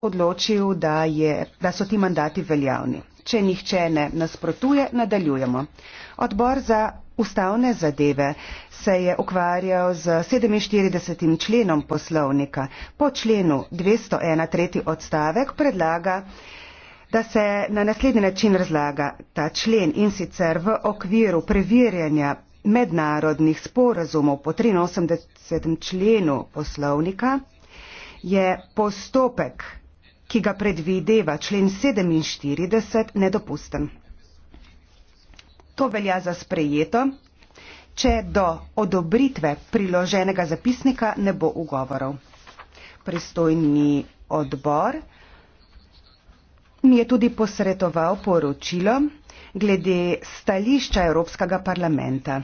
odločil, da, je, da so ti mandati veljavni. Če nihče ne nasprotuje, nadaljujemo. Odbor za ustavne zadeve se je ukvarjal z 47. členom poslovnika. Po členu 201. tretji odstavek predlaga, da se na naslednji način razlaga ta člen in sicer v okviru preverjanja mednarodnih sporazumov po 83. členu poslovnika je postopek ki ga predvideva člen 47, nedopusten. To velja za sprejeto, če do odobritve priloženega zapisnika ne bo ugovorov. Pristojni odbor mi je tudi posredoval poročilo glede stališča Evropskega parlamenta.